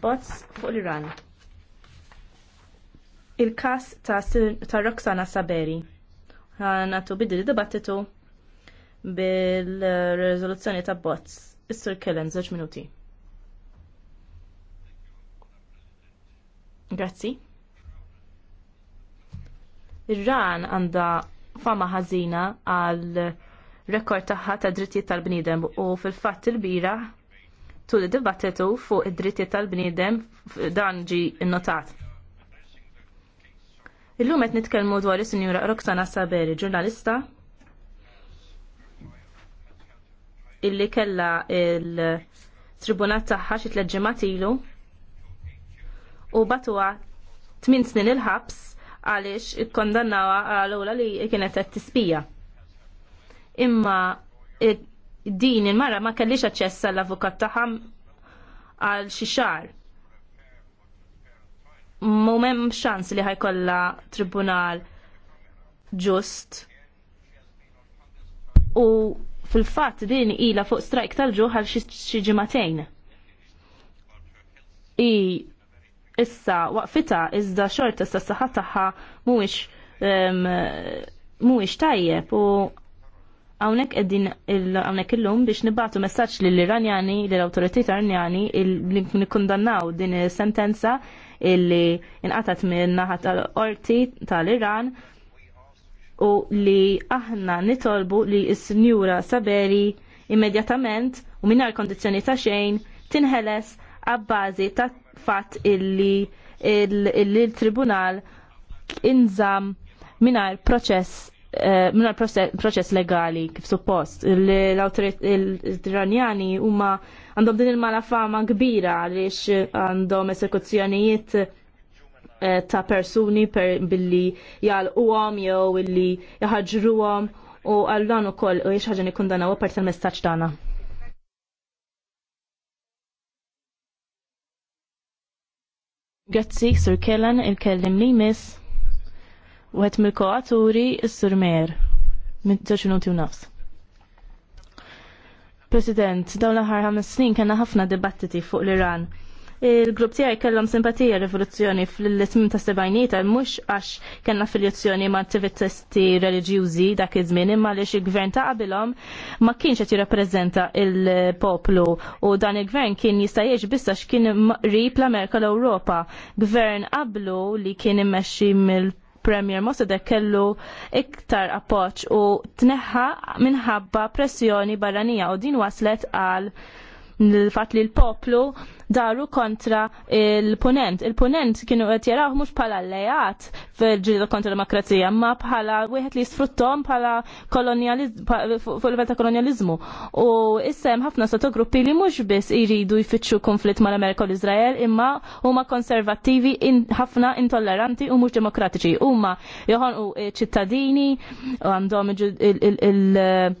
bots fuq l-Iran. Il-kas ta', ta Roxana Saberi. Għanatu biddi dibattitu bil-rezoluzzjoni ta' bots. Is-sur Kellen, zoċ minuti. Grazzi. Ir-ran għandha fama ħażina għal rekord tagħha ta' drittijiet tal-bniedem u fil-fatt il-bira tul id-dibattitu fuq id-dritti tal-bniedem dan ġi innotat. Illum qed nitkellmu dwar is-Sinjura Roxana Saberi, ġurnalista illi kella il-tribunat tagħha xi tliet ġimgħat ilu u batuha tmien snin il-ħabs għaliex ikkondannawha għal ewla li kienet qed tispija. Imma din il-mara ma kellix aċċess għall-avukat taħam għal xi Mumem xans li ħajkolla tribunal ġust. U fil-fatt din ila fuq strajk tal-ġuħ għal xi ġimatejn. I issa waqfita iżda xorta sa saħħa tagħha mhuwiex mhuwiex tajjeb u għawnek għeddin għawnek illum biex nibatu messaċ li l-Iranjani, l-autoritet Iranjani, li nikundannaw din sentenza illi inqatat minn naħat tal-orti tal-Iran u li aħna nitolbu li s-Njura Saberi immedjatament u minna l-kondizjoni ta' xejn tinħeles għabbazi ta' fatt illi il-tribunal inżam l proċess Eh, minna proċess legali kif suppost. L-Iranjani huma għandhom din il-mala fama kbira għaliex għandhom esekuzzjonijiet eh, ta' persuni per billi jgħalquhom jew illi jaħġruhom u għal dan ukoll u jiex ħaġa nikkundanaw apart il mestaċ tagħna. Grazzi, Sir Kellan, il-kellim li miss u għet mil-koaturi s-surmer. Mitġoċ minuti u nafs. President, dawn l-ħar ħames snin kena ħafna dibattiti fuq l-Iran il-grupp tiegħi kellhom simpatija rivoluzzjoni fl-tmim ta' sebajnita mhux għax kellna affiljazzjoni ma' attivisti reliġjużi dak iż-żmien imma li il-gvern ta' qabilhom ma kienx qed jirrappreżenta il-poplu u dan il-gvern kien jista' jgħix għax kien qrib l-Amerika l-Ewropa. Gvern qablu li kien immexxi mill premier Mossadegh kellu iktar appoġġ u tneħħa minħabba pressjoni barranija u din waslet għal l-fat li l-poplu daru kontra il-punent. Il-punent kienu qed jaraw mhux bħala lejat fil-ġrieda kontra demokrazija, ma bħala wieħed li jisfruttom bħala fuq l ta' kolonializmu. U issem ħafna ħafna gruppi li mhux biss jridu jfittxu konflitt mal-Amerika u l-Iżrael, imma huma konservattivi ħafna intolleranti u mhux demokratiċi. Huma u eh, ċittadini u għandhom il-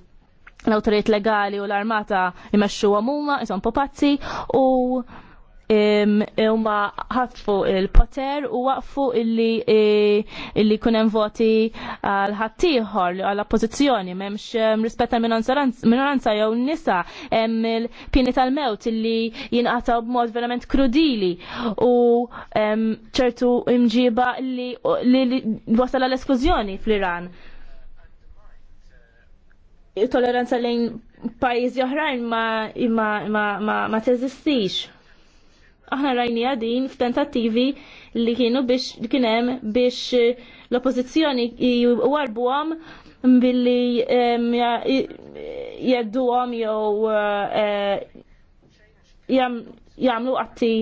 l-autoriet legali u l-armata imexxu għamuma, jisom popazzi u huma ħatfu il-poter u waqfu illi e, illi kunem voti għal ħaddieħor għal oppożizzjoni m'hemmx rispetta minoranza jew nisa hemm il-pieni tal-mewt illi jinqataw b'mod verament krudili u ċertu imġiba li wasal l eskużjoni fl-Iran. It-toleranza lejn pajjiżi oħrajn ma, ma, ma, ma, ma teżistix. Aħna rajni għadin f'tentattivi li kienu biex kien hemm biex eh, l oppożizzjoni warbu għam billi jeddu għam jew eh, eh, jamlu għatti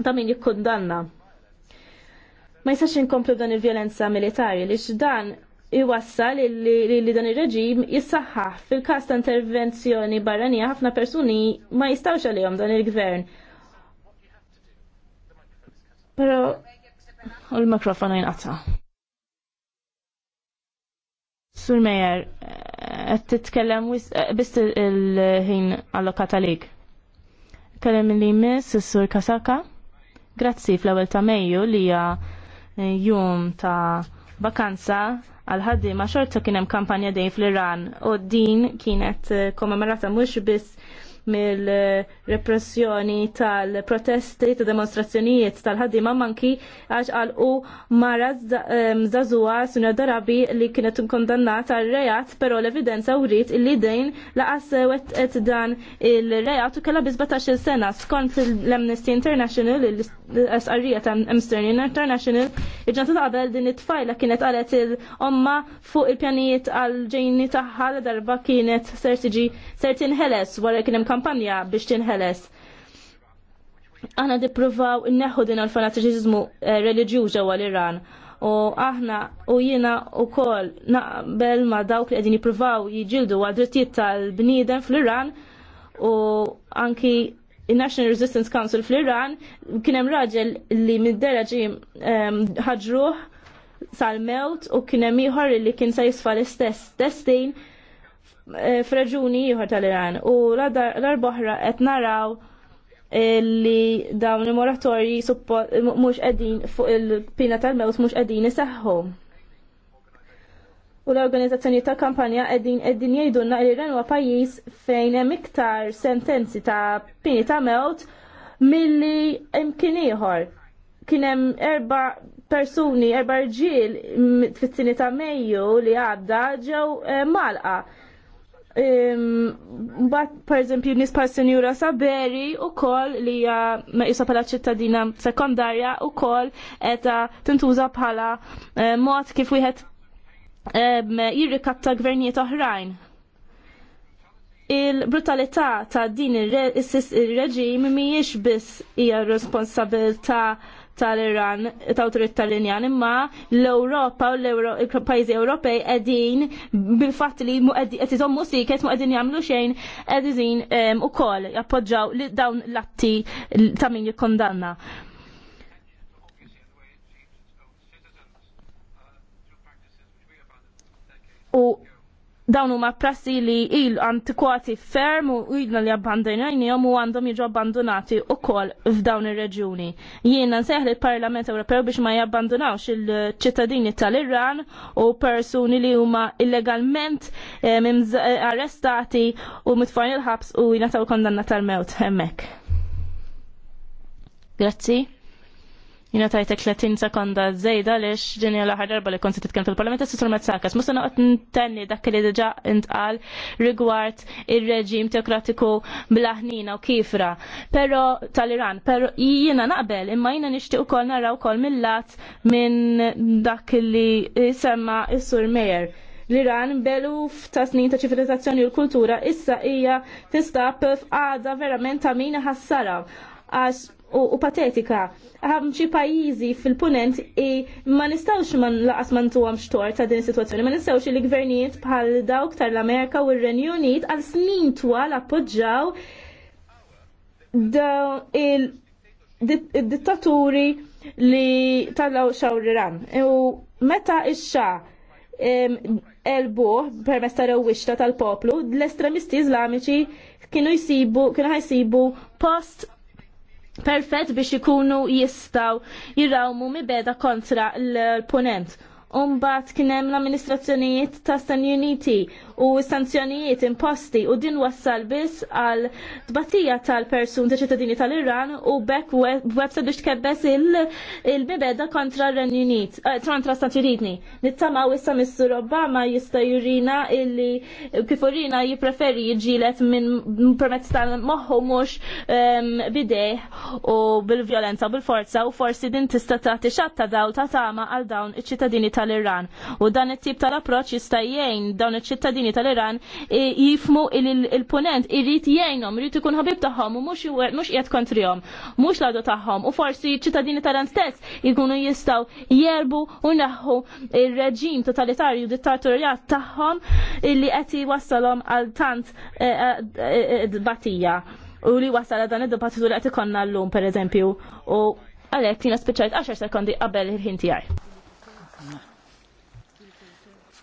ta' min jikkundanna. Ma jistax inkomplu dan il-violenza militari li x'dan iwassal li dan ir-reġim jissaħħaħ fil-każ ta' intervenzjoni barranija ħafna persuni ma jistawx għalihom dan il-gvern. Pero, u l-mikrofon jinqata'. Sur Mejer, qed eh, titkellem eh, biss il-ħin allokat għalik. Kellem li mis, sur Kasaka. Grazzi fl-ewwel ta' Mejju li eh, jum ta' vakanza għal-ħaddiema xorta kien hemm kampanja dejn fl-Iran u din kienet eh, kommemorata mhux biss mill-repressjoni tal-protesti, ta' demonstrazzjonijiet tal-ħaddima manki għax għal u mara ehm, zazua sunja darabi li kienet kondannata għal rejat, pero l-evidenza uriet li dejn laqas wetqet dan il-rejat u kella bizbatax sena skont l-Amnesty International, l sria ta' Amnesty International, iġġanta qabel din it-tfajla kienet għalet il-omma fuq il-pjanijiet għal ġejni taħħal darba kienet ser tiġi ser tinħeles wara kien hemm kampanja biex tinħeles. Aħna dippruvaw inneħu din għal-fanatiċizmu eh, religjuż ġewwa l-Iran u aħna u jiena u kol naqbel ma dawk li għedin jipruvaw jġildu għadrittijiet tal-bniedem fl-Iran u anki il-National Resistance Council fl-Iran kienem raġel li mid-deraġi ehm, ħagġruħ sal-mewt u kienem iħor li kien sa jisfa l-istess testin Eh, f'raġuni ieħor tal-Iran u l-arboħra qed naraw eh, li dawn il-moratorji mhux qegħdin fuq il-pina tal-mewt mhux qegħdin isaħħu. U l-organizzazzjoni ta' kampanja qegħdin qegħdin jgħidulna li Iran huwa pajjiż fejn hemm iktar sentenzi ta' pini ta' mewt milli imkien ieħor. Kien hemm erba' persuni, erba' rġiel fit-tini ta' Mejju li għadda ġew eh, malqa Mbatt, per eżempju, nispar senjura Saberi u kol li meqisa pala ċittadina sekundarja u kol eta tintuża bħala eh, mod kif wieħed jirrikatta gvernijiet oħrajn. Il-brutalità ta' din ir-reġim mhijiex biss hija responsabilità tal-Iran, tal-autorit tal-Iran, imma l-Europa u l-pajzi Ewropej edin bil-fat li qed musik, siket mu qegħdin jagħmlu xejn qegħdin ehm, ukoll jappoġġaw li dawn l-atti ta' min jikkondanna. U dawn huma prassi li il antikwati ferm u idna li abbandonajni u għandhom jiġu abbandonati u kol f'dawn ir-reġjuni. Jiena nseħ li l-Parlament Ewropew biex ma jabbandonawx il-ċittadini tal-Iran u persuni li huma illegalment eh, arrestati u mitfajn il-ħabs u jingħataw kondanna tal-mewt hemmhekk. Grazzi jina tajtek 30 sekonda zejda li xġinja l-ħar darba li konti titkellem fil-parlament s-sur Mazzakas. Musa noqgħod ntenni dak li diġà intqal rigward ir-reġim teokratiku blaħnina u kifra. Però tal-Iran, pero jiena naqbel imma jiena nixtieq ukoll naraw ukoll mill-lat minn dak li semma s-sur Mejer l-Iran belu ta' snin ta' ċivilizzazzjoni u l-kultura issa hija tistab għada verament ta' min ħassara u patetika. Għam xi fil-punent ma nistawx man laqas ma ntuhom xtor ta' din is-sitwazzjoni, ma nistawx li gvernijiet bħal dawk tal-Amerika u r-Renju Unit għal snin twal appoġġaw il-dittaturi li tal-law xawriran. U meta ix elbu per mesta ta' rewwixta tal-poplu, l-estremisti iżlamiċi kienu jsibu, kienu ħajsibu post perfett biex ikunu jistaw jirawmu mibeda kontra l-ponent. Umbat kienem l-amministrazzjonijiet ta' Stan Uniti u sanzjonijiet imposti u din wassal biss għal tbatija tal-persun ta' ċittadini tal-Iran u bekk websa biex tkebbes il-bibeda kontra Ren Unit, eh, kontra Stan Nittama u issa Mr. Obama jista jurina illi kifurina jipreferi jġilet minn permezz tal-moħħu mux ehm, bideħ u bil-violenza u bil-forza u forsi din tista' tagħti xatta dawl ta' tama għal dawn iċ-ċittadini tal tal-Iran. U dan it-tip tal-approċ jista' jgħin dawn iċ-ċittadini tal-Iran e, jifmu il-punent irrid jgħinhom, irrid ikun ħabib tagħhom u mhux mhux qiegħed kontrihom, mhux ladu tagħhom u forsi ċittadini tal-Iran stess jkunu jistgħu jerbu u naħħu ir-reġim totalitarju dittatorjat tagħhom illi qed iwassalhom għal tant e, e, batija u li wasal dan id-dibattitu li qed ikonna llum pereżempju u għalhekk jiena speċjalt 10 sekondi qabel il-ħin tiegħi.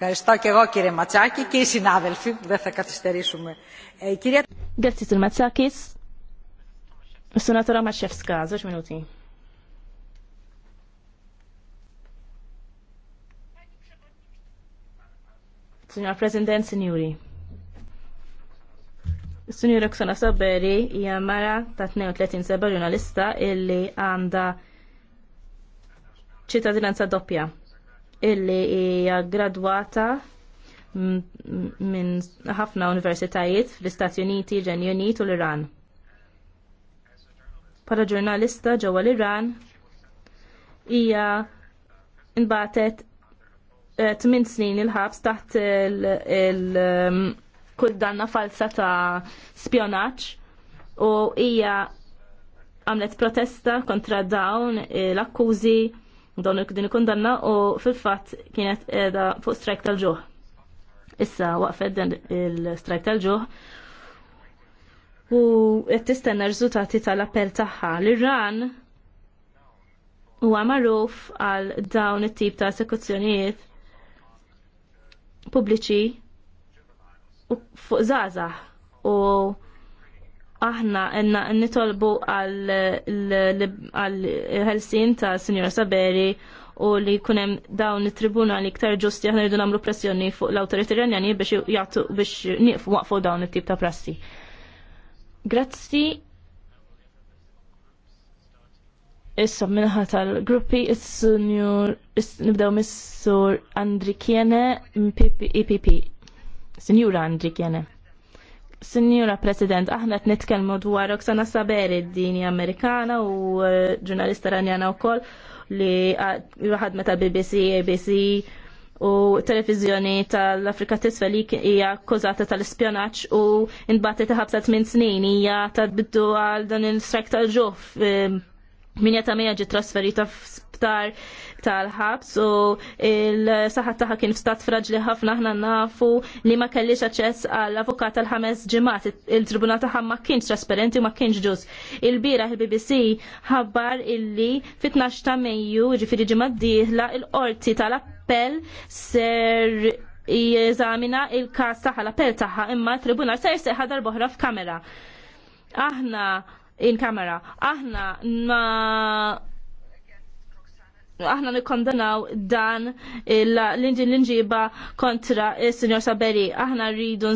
Ευχαριστώ και εγώ κύριε Ματσάκη και οι συνάδελφοι που δεν θα καθυστερήσουμε. Ε, κυρία... Grazie sul Mazzakis. Senatora Maciewska, 10 minuti. Signor President, signori. Signora Oksana Saberi hija mara ta' 32 seba ġurnalista illi għandha ċittadinanza doppja illi hija gradwata minn ħafna universitajiet fl-Istati Uniti, Ġenju Unit u l-Iran. Para ġurnalista ġewwa l-Iran hija nbatet eh, tmien snin il-ħabs taħt il-kuldanna mm, falsa ta' spjonaġġ u hija għamlet protesta kontra dawn eh, l-akkużi dawn din kundanna u fil-fatt kienet qiegħda fuq strajk tal-ġuħ. Issa waqfet dan il-strajk tal-ġuħ u qed tistenna riżultati tal-appell tagħha. L-Iran huwa magħruf għal dawn it-tip ta' esekuzzjonijiet pubbliċi fuq żgħażagħ u aħna enna nitolbu għal ħelsin ta' Sinjora Saberi u li kunem dawn it-tribunali iktar ġusti aħna rridu nagħmlu pressjoni fuq l-awtoriti Iranjani biex jgħatu biex nieqfu waqfu dawn it-tip ta' prassi. Grazzi. Issa minnaħa tal-gruppi is sunjur nibdew mis-Sur Andri Kiene PPP. EPP. Sinjura Andri Kiene. Signora President, aħna qed nitkellmu dwar Oksana Saberi, d-dini Amerikana u eh, ġurnalista Ranjana wkoll li waħad eh, meta BBC, ABC u televizjoni tal-Afrika t-isfel hija akkużata tal-ispjonaġġ u nbagħtet ħabsa tmien snin hija ta' biddu għal dan il-strajk tal-ġuf Minja ta' meja ġi trasferita f'sptar tal-ħabs u il-saħat taħħa kien f'stat fraġli ħafna ħna nafu li ma kellix aċċess għall-avukat tal-ħames ġimat. Il-tribunal taħħa ma kienx trasparenti u ma kienx ġus. Il-bira il-BBC ħabbar illi fit-12 ta' Mejju ġifiri ġimgħa diħla dieħla il-qorti tal-appell ser jeżamina il-każ taħħa l-appell taħħa imma l-tribunal ser seħħa darbohra f'kamera. Aħna il-kamera. Aħna ma aħna nikkondanaw dan l-inġiba kontra il-Sinjor Saberi. Aħna rridu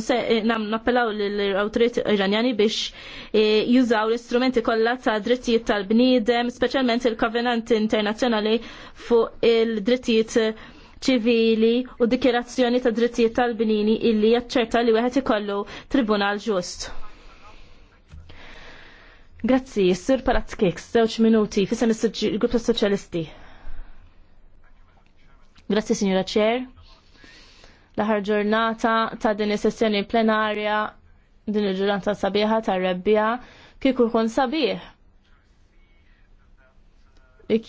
nappelaw l-autorit iranjani biex eh, jużaw l-istrumenti kollha ta' drittijiet tal-bniedem, speċjalment il kovenant Internazzjonali fuq il-drittijiet ċivili u dikjerazzjoni ta' drittijiet tal-bnini illi jaċċerta li wieħed ikollu tribunal ġust. Grazzi, Sir Palatkeks, żewġ minuti, fissan il-Grupp Soċjalisti. Grazzi, Signora Chair. L-aħħar ġurnata ta' din is-sessjoni plenarja din il-ġurnata sabiħa ta' rebbija kieku jkun sabiħ.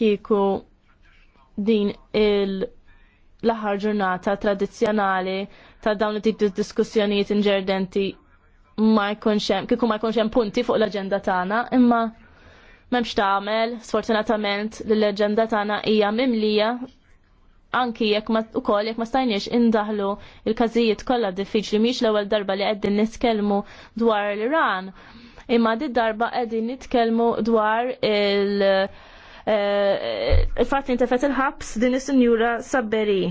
Kieku din il- l-aħħar ġurnata tradizzjonali ta' dawn it-tip diskussjonijiet inġerdenti ma jkunx hemm kieku ma jkunx hemm punti fuq l-aġenda tagħna, imma m'hemmx tagħmel, sfortunatament l-aġenda tagħna hija mimlija anki jekk ma ukoll jekk ma stajniex indaħlu il-każijiet kollha diffiċli mhix l-ewwel darba li qegħdin nitkellmu dwar l-Iran. Imma di darba qegħdin nitkellmu dwar il- eh, fatt li il-ħabs din is-sinjura Sabberi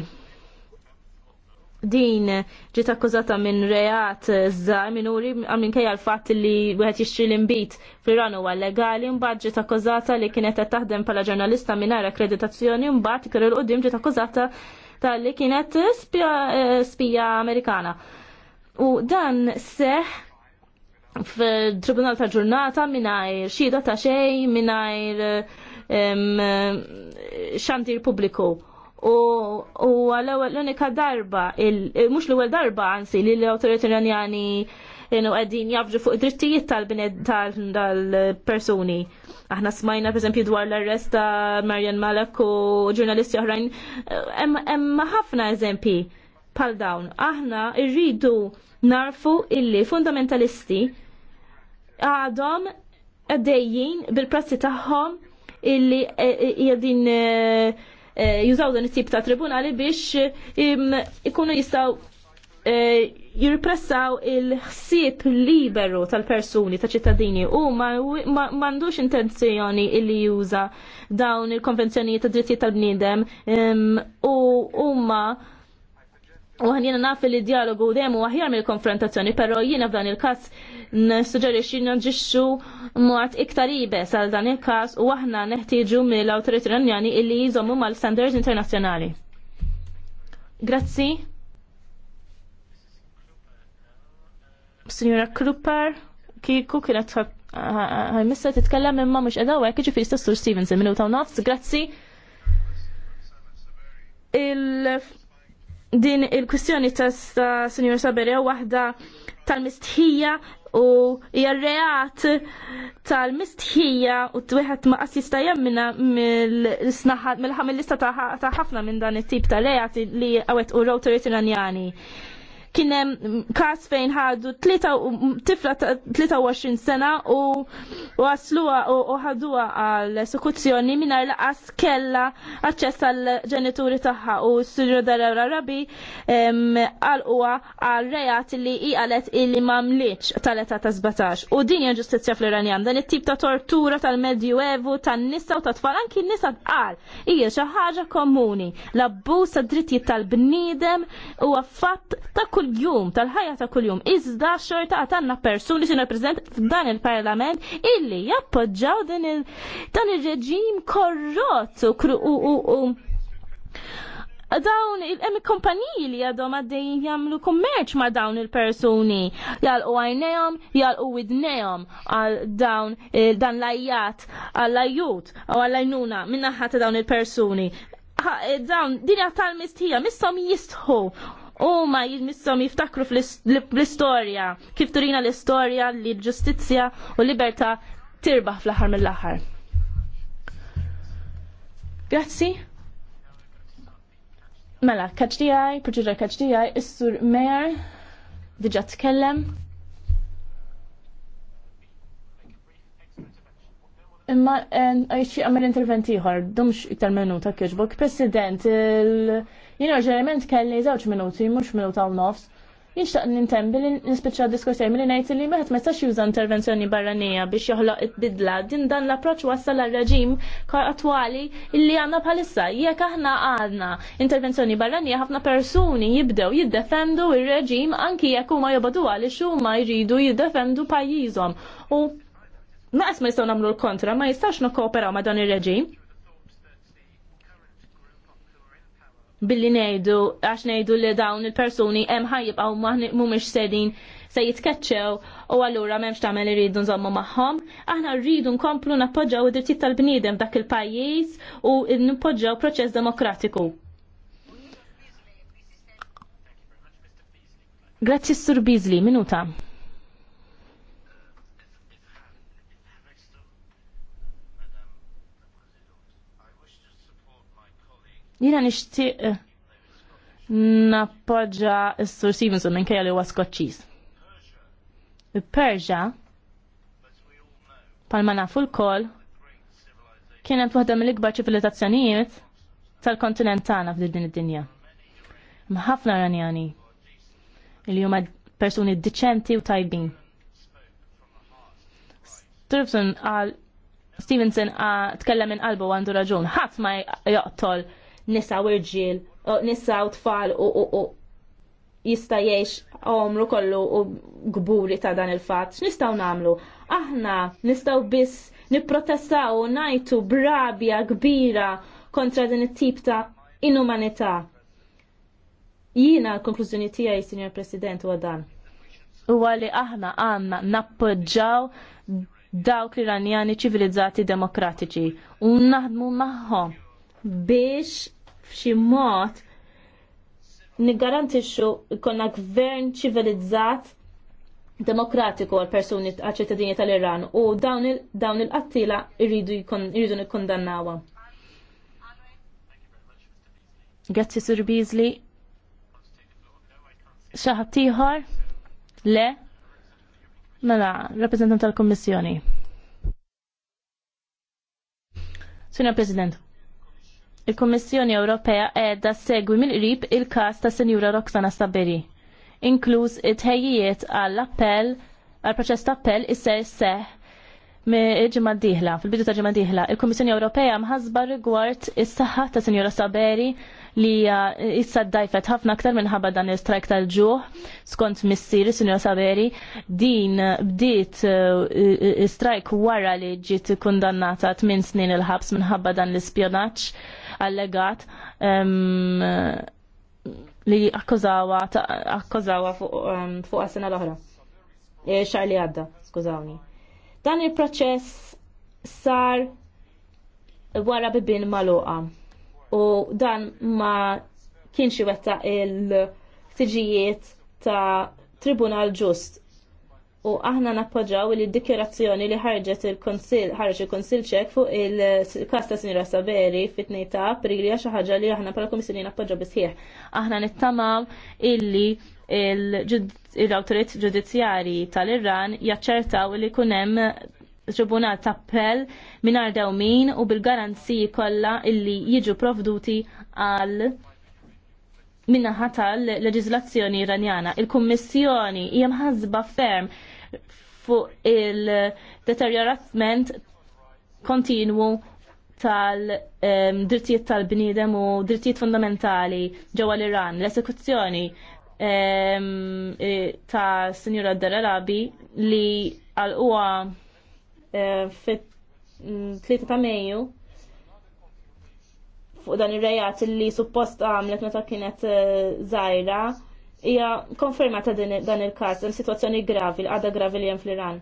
din ġiet akkużata minn reat żgħar minuri għamlin kejja l-fatt li wieħed jixtri l-imbit fl-Iran huwa legali mbagħad ġiet akkużata li kienet qed taħdem bħala ġurnalista mingħajr akkreditazzjoni mbagħad kieru l-qudiem ġiet akkużata tal-li kienet spija Amerikana. U dan seħ fil-Tribunal ta' Ġurnata mingħajr xhieda ta' xejn mingħajr xandir pubbliku u l-unika darba, mux l-ewel darba għansi li l autorit iranjani jenu għedin jafġu fuq drittijiet tal-bined tal-personi. Aħna smajna per esempio dwar l-arrest ta' Marjan Malak u ġurnalisti oħrajn, emma ħafna eżempi pal dawn. Aħna irridu narfu illi fundamentalisti għadhom għaddejjien bil-prassi tagħhom illi eh, eh, jadin eh, Eh, jużaw dan it-tip ta' tribunali biex ikunu jistaw eh, jirpressaw il-ħsieb liberu tal-persuni, ta' ċittadini u mandux intenzjoni illi juża dawn il-konvenzjoni ta' drittijiet tal-bniedem u huma u ħanjena naf li dialogu demu aħjar mill-konfrontazzjoni, pero jiena f'dan il-każ nissuġġerixxi naġixxu mod iktar ibes għal dan il-każ u aħna neħtieġu mill-awtoritajiet Iranjani illi jżommu mal-standards internazzjonali. Grazzi. Signora Kruper, kiku kienet missa titkellem imma mhux qed hawnhekk jiġifieri Sur Stevenson minn ta' nofs, grazzi. Il din il-kwistjoni ta' Saberi Saberia waħda tal-mistħija u hija reat tal-mistħija u t-wieħed ma assista jemmina mill mill-ħamillista ta' ħafna minn dan it-tip ta' reati li għawet u rotori tiranjani kienem kas fejn ħadu tifla 23 sena u wasluwa u ħaduwa għal esekuzzjoni minar laqas kella aċċess għal ġenituri taħħa u s-sirru darra rabi għal uwa għal rejat li i għalet illi mamliċ tal-eta ta' 17 u din ġustizja fl-Iranjan dan it-tip ta' tortura tal-medjuevu tan-nisa u ta' tfal anki nisa tqal hija xi ħaġa komuni l-abbuż tad-drittijiet tal-bniedem huwa fatt ta' kull kuljum tal-ħajja ta' kuljum iżda xorta għatanna persuni xinu prezent f'dan il-parlament illi jappoġġaw dan il-reġim korrot u dawn il emmi kompaniji li għadhom għaddej jamlu kummerċ ma' dawn il-personi jgħal u għajnejom, jgħal u widnejom għal dawn dan lajjat għal lajjut u għal lajnuna minnaħħa ta' dawn il-personi. Eh, dawn, din tal mistija, mistom jistħu u ma jilmissom jiftakru fl-istorja, kif turina l-istorja li l-ġustizja u l-libertà tirbaħ fl-aħħar mill-aħħar. Grazzi. Mela, kaċ tijaj, proċedura issur mer, diġa tkellem. Imma eh, xie għamil intervent iħor, dumx iktar minuta kieġbok. President, jina ġerament kelli zawċ minuti, mux minuta u nofs. Jinxtaq nintembi li nispeċa diskussjoni li najt li meħet ma jistax juża intervenzjoni barranija biex joħloq id bidla din dan l-approċ wassal għal reġim kar attwali illi għanna bħalissa. Jekk aħna għadna intervenzjoni barranija ħafna persuni jibdew jiddefendu il reġim anki jekk huma jobadu għaliex huma jridu jiddefendu pajjiżhom. U naqas ma jistgħu nagħmlu l-kontra, ma jistax nokkooperaw ma dan ir-reġim. Billi ngħidu għax ngħidu li dawn il-persuni hemm ħajjibqgħu mhumiex sedin se jitkeċċew u allura m'hemmx tagħmel rridu nżommu magħhom. Aħna rridu nkomplu nappoġġaw id-drittijiet tal-bniedem dak il-pajjiż u nippoġġaw proċess demokratiku. Grazie Sur Beasley, minuta. Jina nishtiq eh, nappoġġa s-Sur Stevenson minn kajja li huwa Skoċċiż. Persia, palma nafu l-kol, kienet waħda mill-ikbar ċivilizzazzjonijiet tal-kontinent tagħna f'din din id-dinja. Mħafna Iranjani li huma persuni diċenti u tajbin. Stevenson għal Stevenson ah, tkellem minn qalbu għandu raġun, ħadd ma joqtol nisa u rġil, nisa u tfal u jista jiex omru kollu u gburi ta' dan il-fat. X'nistgħu namlu? Aħna nistgħu biss nipprotestaw u najtu brabja kbira kontra din it-tip ta' inumanità. Jiena l-konklużjoni tiegħi, Sinjor President, huwa dan. Huwa li aħna għandna nappoġġaw dawk l-Iranjani ċivilizzati demokratiċi u naħdmu magħhom biex f'xi mod niggarantixxu jkollna gvern ċivilizzat demokratiku għal persuni għal ċittadini tal-Iran u dawn il-qattila irridu nikkondannawa. Grazzi Sur Beasley. Xaħat tiħor? Le? Mela, rappresentant tal-Kommissjoni. Sina President. Il-Kommissjoni Ewropea qiegħda segwi mill-qrib il-każ ta' Senjura Roxana Saberi, inkluż it-ħejjiet għall-appell għall proċess ta' appell isser seħ ġimma diħla, fil-bidu ta' ġimma diħla, il kommissjoni Ewropea mħazba rigward is-saħħa ta' Senjura Saberi li issa dajfet ħafna aktar minħabba dan il-strajk tal-ġuħ skont missieri Senjura Saberi din bdiet uh, strajk wara li ġiet kundannata 8 snin il-ħabs minħabba dan l spionaċ allegat li akkużawa akkużawa fuq għas-sena l-oħra. E, xar li għadda, skużawni. Dan il-proċess sar wara bibin maluqa u dan ma kienx wetta il-ħtiġijiet ta' tribunal ġust u aħna nappoġġaw li d-dikjerazzjoni li ħarġet il-Konsil ħarġ il-Konsil ċek fuq il kasta Sinjora Saberi fit ta' April xi ħaġa li aħna bħala Komissjoni nappoġġaw bisħieħ. Aħna nittamaw illi l-awtorit ġudizzjari tal-Iran jaċċertaw li kunem tribunal ta' appell minar dawmin u bil-garanziji kollha illi jiġu provduti għal ħata tal-leġizlazzjoni iranjana. Il-Kummissjoni hija ferm fuq il-deterjorament kontinwu tal-drittijiet tal-bniedem u drittijiet fundamentali ġewwa l-Iran. L-esekuzzjoni e, ta' Sinjura Daralabi li għal-uwa e, fit tlieta ta' Mejju fuq dan ir-rejat li suppost għamlet meta kienet zaħira e, hija ta' dan il-każ, il sitwazzjoni gravi, l għada gravi li hemm fl-Iran.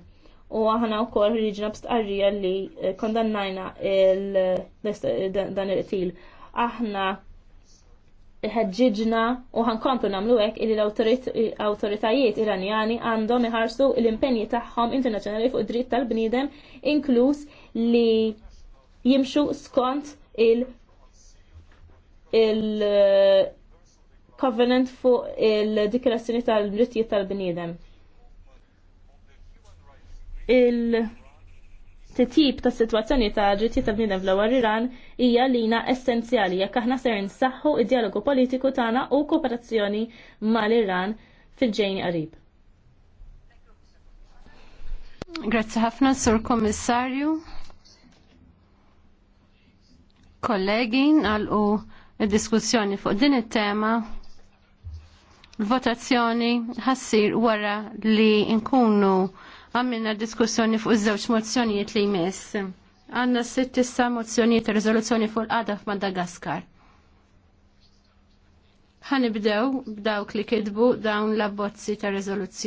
U aħna wkoll riġna b'stqarrija li eh, kondannajna dan il-qtil. Aħna ħedġiġna u ħankomplu namlu hekk li l-awtoritajiet iranjani għandhom iħarsu l-impenji tagħhom internazjonali fuq dritt tal-bniedem inkluż li jimxu skont il- il- covenant fuq il dikrazzjoni tal-drittijiet tal-bniedem. Il- titjib ta' situazzjoni ta' drittijiet tal-bniedem fl-ewwel Iran hija lina essenzjali jekk aħna ser nsaħħu id-dialogu politiku tagħna u kooperazzjoni mal-Iran fil-ġejn qarib. Grazzi ħafna, Sur Kommissarju. Kollegi, nagħlqu id-diskussjoni fuq din it-tema votazzjoni ħassir wara li nkunu għamilna diskussjoni fuq iż-żewġ mozzjonijiet li jmiss. Għanna sitt sittissa mozzjonijiet riżoluzzjoni fuq l-qada f'Madagaskar. Ħanibdew b'dawk li kitbu dawn l-abbozzi ta' riżoluzzjoni.